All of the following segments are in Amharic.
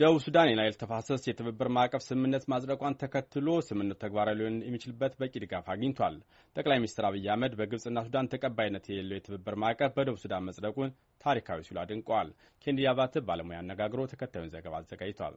ደቡብ ሱዳን የናይል ተፋሰስ የትብብር ማዕቀፍ ስምምነት ማጽደቋን ተከትሎ ስምምነቱ ተግባራዊ ሊሆን የሚችልበት በቂ ድጋፍ አግኝቷል። ጠቅላይ ሚኒስትር አብይ አህመድ በግብፅና ሱዳን ተቀባይነት የሌለው የትብብር ማዕቀፍ በደቡብ ሱዳን መጽደቁን ታሪካዊ ሲሉ አድንቀዋል። ኬንዲ አባተ ባለሙያ አነጋግሮ ተከታዩን ዘገባ አዘጋጅቷል።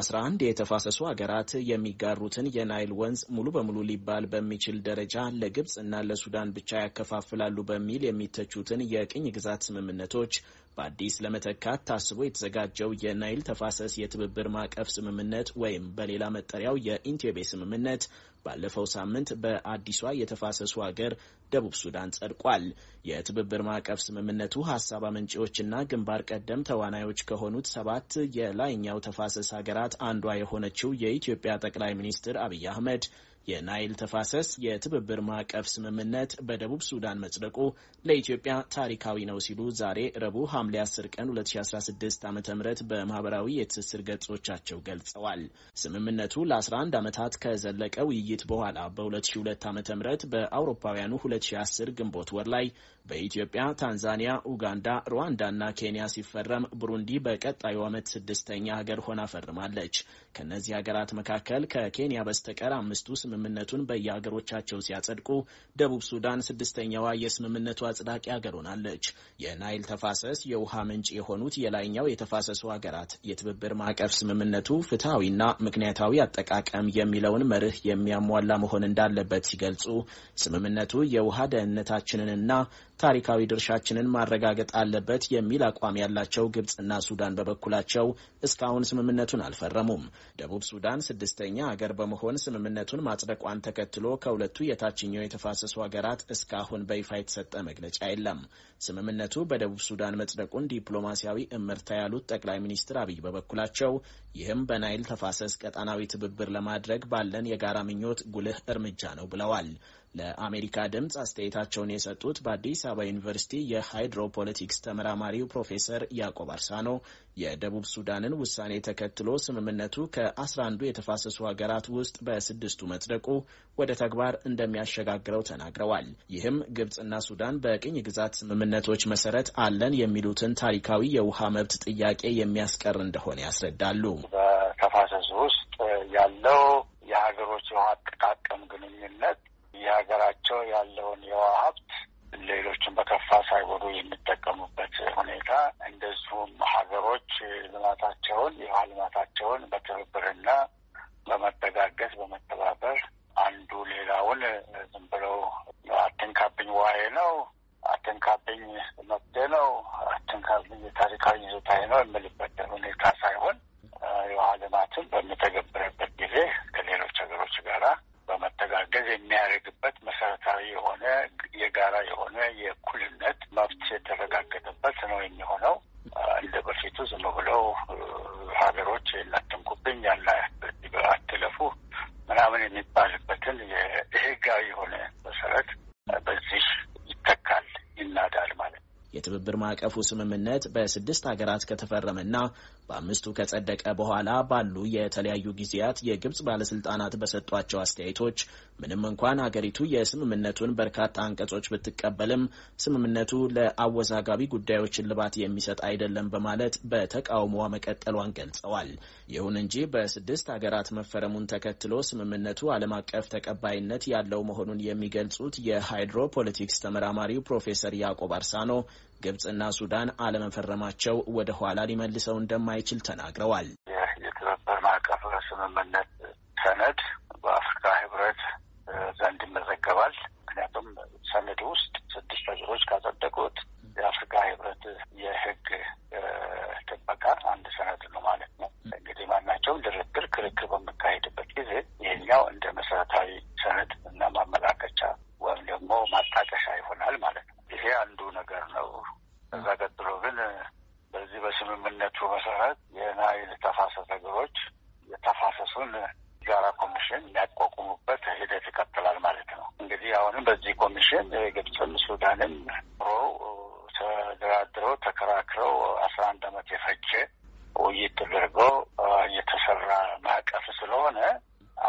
አስራ አንድ የተፋሰሱ ሀገራት የሚጋሩትን የናይል ወንዝ ሙሉ በሙሉ ሊባል በሚችል ደረጃ ለግብጽ እና ለሱዳን ብቻ ያከፋፍላሉ በሚል የሚተቹትን የቅኝ ግዛት ስምምነቶች በአዲስ ለመተካት ታስቦ የተዘጋጀው የናይል ተፋሰስ የትብብር ማዕቀፍ ስምምነት ወይም በሌላ መጠሪያው የኢንቴቤ ስምምነት ባለፈው ሳምንት በአዲሷ የተፋሰሱ ሀገር ደቡብ ሱዳን ጸድቋል። የትብብር ማዕቀፍ ስምምነቱ ሀሳብ አመንጪዎችና ግንባር ቀደም ተዋናዮች ከሆኑት ሰባት የላይኛው ተፋሰስ ሀገራት አንዷ የሆነችው የኢትዮጵያ ጠቅላይ ሚኒስትር አብይ አህመድ የናይል ተፋሰስ የትብብር ማዕቀፍ ስምምነት በደቡብ ሱዳን መጽደቁ ለኢትዮጵያ ታሪካዊ ነው ሲሉ ዛሬ ረቡዕ ሐምሌ 10 ቀን 2016 ዓ ም በማህበራዊ የትስስር ገጾቻቸው ገልጸዋል። ስምምነቱ ለ11 ዓመታት ከዘለቀ ውይይት በኋላ በ2002 ዓ ም በአውሮፓውያኑ 2010 ግንቦት ወር ላይ በኢትዮጵያ፣ ታንዛኒያ፣ ኡጋንዳ፣ ሩዋንዳ እና ኬንያ ሲፈረም ቡሩንዲ በቀጣዩ ዓመት ስድስተኛ ሀገር ሆና ፈርማለች። ከእነዚህ ሀገራት መካከል ከኬንያ በስተቀር አምስቱ ስምምነቱን በየሀገሮቻቸው ሲያጸድቁ ደቡብ ሱዳን ስድስተኛዋ የስምምነቱ አጽዳቂ ሀገር ሆናለች። የናይል ተፋሰስ የውሃ ምንጭ የሆኑት የላይኛው የተፋሰሱ ሀገራት የትብብር ማዕቀፍ ስምምነቱ ፍትሐዊና ምክንያታዊ አጠቃቀም የሚለውን መርህ የሚያሟላ መሆን እንዳለበት ሲገልጹ ስምምነቱ የውሃ ደህንነታችንንና ታሪካዊ ድርሻችንን ማረጋገጥ አለበት የሚል አቋም ያላቸው ግብፅና ሱዳን በበኩላቸው እስካሁን ስምምነቱን አልፈረሙም። ደቡብ ሱዳን ስድስተኛ ሀገር በመሆን ስምምነቱን ማ መጽደቋን ተከትሎ ከሁለቱ የታችኛው የተፋሰሱ ሀገራት እስካሁን በይፋ የተሰጠ መግለጫ የለም። ስምምነቱ በደቡብ ሱዳን መጽደቁን ዲፕሎማሲያዊ እምርታ ያሉት ጠቅላይ ሚኒስትር አብይ በበኩላቸው ይህም በናይል ተፋሰስ ቀጣናዊ ትብብር ለማድረግ ባለን የጋራ ምኞት ጉልህ እርምጃ ነው ብለዋል። ለአሜሪካ ድምፅ አስተያየታቸውን የሰጡት በአዲስ አበባ ዩኒቨርሲቲ የሃይድሮ ፖለቲክስ ተመራማሪው ፕሮፌሰር ያዕቆብ አርሳኖ የደቡብ ሱዳንን ውሳኔ ተከትሎ ስምምነቱ ከአስራ አንዱ የተፋሰሱ ሀገራት ውስጥ በስድስቱ መጽደቁ ወደ ተግባር እንደሚያሸጋግረው ተናግረዋል። ይህም ግብፅና ሱዳን በቅኝ ግዛት ስምምነቶች መሰረት አለን የሚሉትን ታሪካዊ የውሃ መብት ጥያቄ የሚያስቀር እንደሆነ ያስረዳሉ። በተፋሰሱ ውስጥ ያለው የሀገሮች የውሃ አጠቃቀም ግንኙነት በእጃቸው ያለውን የውሃ ሀብት ሌሎችን በከፋ ሳይጎዱ የሚጠቀሙበት ሁኔታ እንደዚሁም ሀገሮች ልማታቸውን የውሃ ልማታቸውን በትብብርና በመጠጋገዝ በመተባበር አንዱ ሌላውን ዝም ብለው አትንካብኝ ውሃዬ ነው፣ አትንካብኝ መብቴ ነው፣ አትንካብኝ የታሪካዊ ይዞታዬ ነው የምልበት ሁኔታ ሳይሆን የውሃ ልማትን በምተገብርበት ጊዜ ከሌሎች ሀገሮች ጋራ በመተጋገዝ የሚያደርግበት ምክንያታዊ የሆነ የጋራ የሆነ የኩ የትብብር ማዕቀፉ ስምምነት በስድስት ሀገራት ከተፈረመና በአምስቱ ከጸደቀ በኋላ ባሉ የተለያዩ ጊዜያት የግብጽ ባለስልጣናት በሰጧቸው አስተያየቶች ምንም እንኳን ሀገሪቱ የስምምነቱን በርካታ አንቀጾች ብትቀበልም ስምምነቱ ለአወዛጋቢ ጉዳዮች እልባት የሚሰጥ አይደለም በማለት በተቃውሞዋ መቀጠሏን ገልጸዋል። ይሁን እንጂ በስድስት ሀገራት መፈረሙን ተከትሎ ስምምነቱ ዓለም አቀፍ ተቀባይነት ያለው መሆኑን የሚገልጹት የሃይድሮ ፖለቲክስ ተመራማሪው ፕሮፌሰር ያዕቆብ አርሳኖ ግብፅና ሱዳን አለመፈረማቸው ወደ ኋላ ሊመልሰው እንደማይችል ተናግረዋል። የትብብር ማዕቀፍ ስምምነት ሰነድ በአፍሪካ ህብረት ዘንድ የፈጀ ውይይት ተደርጎ የተሰራ ማዕቀፍ ስለሆነ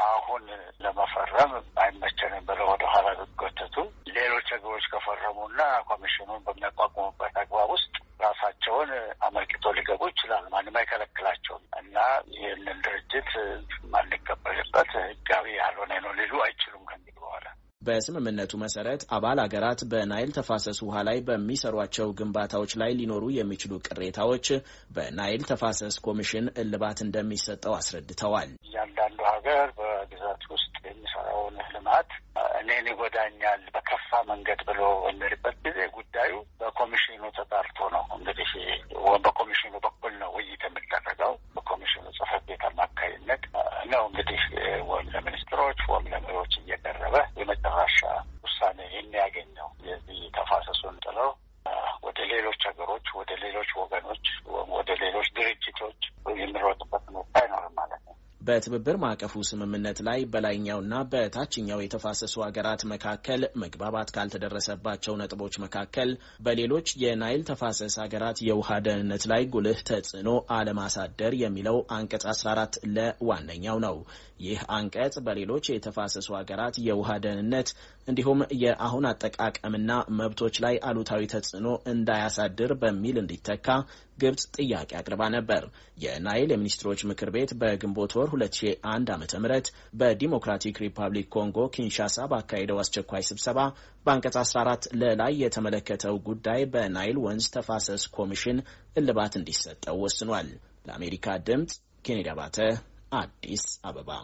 አሁን ለመፈረም አይመቸንም ብለው ወደኋላ ቢጎተቱ ሌሎች ሀገሮች ከፈረሙና ኮሚሽኑን በሚያቋቁሙበት በስምምነቱ መሰረት አባል አገራት በናይል ተፋሰስ ውሃ ላይ በሚሰሯቸው ግንባታዎች ላይ ሊኖሩ የሚችሉ ቅሬታዎች በናይል ተፋሰስ ኮሚሽን እልባት እንደሚሰጠው አስረድተዋል። እያንዳንዱ ሀገር በግዛት ውስጥ የሚሰራውን ልማት እኔን ይጎዳኛል በከፋ መንገድ ብሎ በሚልበት ጊዜ ጉዳዩ በኮሚሽኑ ተጣርቶ ነው እንግዲህ በኮሚሽኑ በኩል ነው ውይይት የሚደረገው በኮሚሽኑ ጽሕፈት ቤት አማካይነት ነው እንግዲህ ወይም ለሚኒስትሮች ወይም ለመሪዎች wrote the በትብብር ማዕቀፉ ስምምነት ላይ በላይኛውና በታችኛው የተፋሰሱ ሀገራት መካከል መግባባት ካልተደረሰባቸው ነጥቦች መካከል በሌሎች የናይል ተፋሰስ ሀገራት የውሃ ደህንነት ላይ ጉልህ ተጽዕኖ አለማሳደር የሚለው አንቀጽ 14 ለዋነኛው ነው። ይህ አንቀጽ በሌሎች የተፋሰሱ ሀገራት የውሃ ደህንነት እንዲሁም የአሁን አጠቃቀምና መብቶች ላይ አሉታዊ ተጽዕኖ እንዳያሳድር በሚል እንዲተካ ግብጽ ጥያቄ አቅርባ ነበር። የናይል የሚኒስትሮች ምክር ቤት በግንቦት ወር 2001 ዓ ም በዲሞክራቲክ ሪፐብሊክ ኮንጎ ኪንሻሳ ባካሄደው አስቸኳይ ስብሰባ በአንቀጽ 14 ለላይ የተመለከተው ጉዳይ በናይል ወንዝ ተፋሰስ ኮሚሽን እልባት እንዲሰጠው ወስኗል። ለአሜሪካ ድምፅ ኬኔዲ አባተ አዲስ አበባ